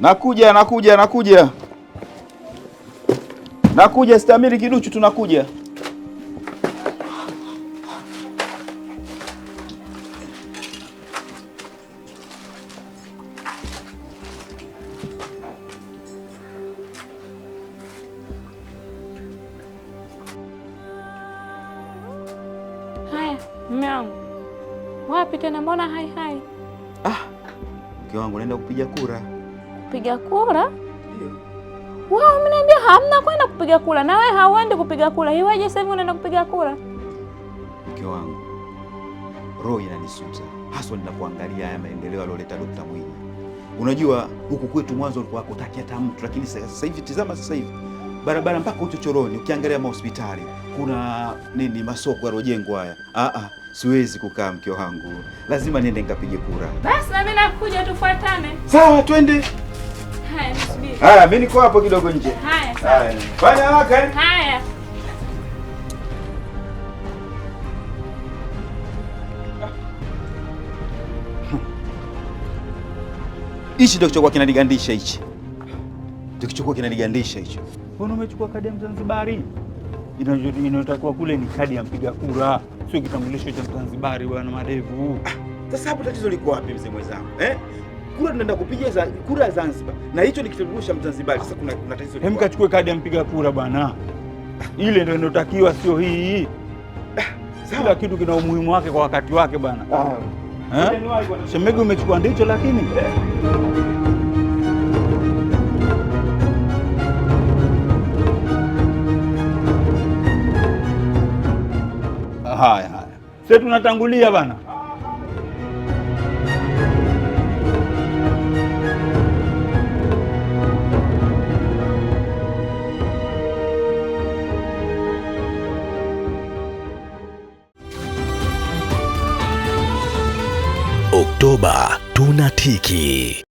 Nakuja, nakuja, nakuja, nakuja, stamili kiduchu, tunakuja. wangu, wapi tena? Mbona hai hai? Ah, mke wangu naenda kupiga kura kupiga kura? Wao mnaambia hamna kwenda kupiga kura, na wewe hauendi kupiga kura. Hiwaje sasa hivi unaenda kupiga kura? Mke wangu, roho inanisuta haswa ninapoangalia haya maendeleo alioleta Dokta Mwinyi. Unajua huku kwetu mwanzo ulikuwa hakutaki hata mtu, lakini sasa hivi tizama, sasa hivi barabara mpaka uchochoroni, ukiangalia mahospitali kuna nini, masoko yalojengwa haya. Ah, ah, siwezi kukaa mke wangu, lazima niende nikapige kura. Basi na mimi nakuja, tufuatane. Sawa, twende. Haya, mimi niko hapo kidogo nje. Haya, Fanya haraka eh. Haya. Hichi ndio kichokuwa kinanigandisha hichi. Ndio kichokuwa kinanigandisha hicho. Mbona umechukua kadi ya Mzanzibari? Inayotakiwa kule ni kadi ya mpiga kura, sio kitambulisho cha Mzanzibari bwana Madevu. Ah, sasa hapo tatizo liko wapi mzee mwenzangu? Eh? kura tunaenda kupiga za kura ya Zanzibar, na hicho ni kitendo cha Mzanzibari. Sasa kuna tatizo, hem, kachukue kadi ya mpiga kura bwana, ile ndio inotakiwa, sio hii. Ah, Kila kitu kina umuhimu wake kwa wakati wake bwana. Ah. Eh? Shemegi umechukua ndicho, lakini haya haya, sasa tunatangulia bana. Oktoba tunatiki.